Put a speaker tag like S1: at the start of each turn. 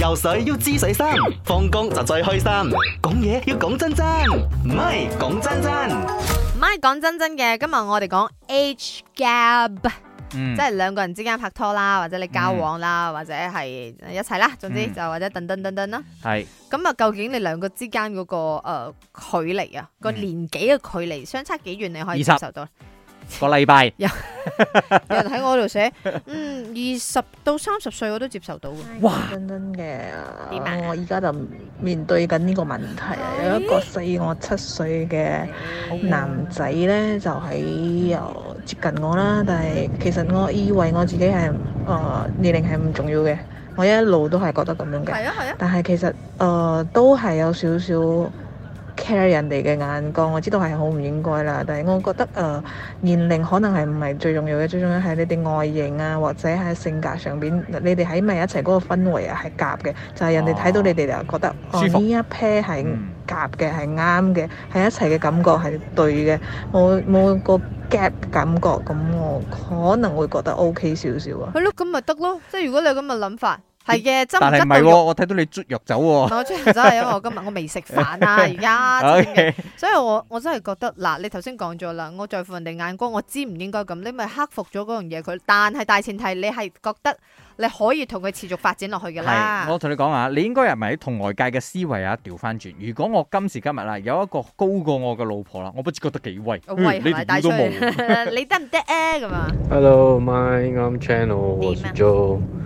S1: 游水要知水深，放工就最開心。講嘢要講真真，唔係講真真，唔係講真真嘅。今日我哋講 age gap、嗯、即係兩個人之間拍拖啦，或者你交往啦，嗯、或者係一齊啦，總之就或者等等等等啦。係咁啊，嗯嗯、究竟你兩個之間嗰、那個誒、呃、距離啊，個年紀嘅距離相差幾遠？你可以接受到。個禮拜， 有人喺
S2: 我度寫，嗯，二十到三十歲我都接受到哇，真真嘅，啊、我而家就面對緊呢個問題啊！有一個細我七歲嘅男仔咧，就喺又接近我啦。啊、但係其實我以為我自己係誒、呃、年齡係唔重要嘅，我一路都係覺得咁樣嘅。係啊係啊。啊但係其實誒、呃、都係有少少。care 人哋嘅眼光，我知道係好唔應該啦，但係我覺得誒年齡可能係唔係最重要嘅，最重要係你哋外形啊，或者係性格上邊，你哋喺埋一齊嗰個氛圍啊係夾嘅，就係人哋睇到你哋就覺得舒服。呢一 pair 係夾嘅，係啱嘅，係一齊嘅感覺係對嘅，我冇個 gap 感覺咁我可能會覺得 OK 少少啊。係
S1: 咯，咁咪得咯，即係如果你有咁嘅諗法。係嘅，真係唔係。我
S2: 睇到你啜藥酒喎。我
S1: 啜藥酒係因為我今日我未食飯啊，而家， Okay. 所以我我真係覺得嗱，你頭先講咗啦，我在乎人哋眼光，我知唔應該咁，你咪克服咗嗰樣嘢佢。但係大前提，你係覺得你可以同佢持續發展落去嘅啦。我同你講啊，你應該係咪同外界嘅思維啊調翻轉？如果我今時今日啦有一個高過我嘅老婆啦，我不知覺得幾威，喂嗯、你點都冇， 你得唔得啊？咁啊？Hello my own channel，我是 Joe、啊。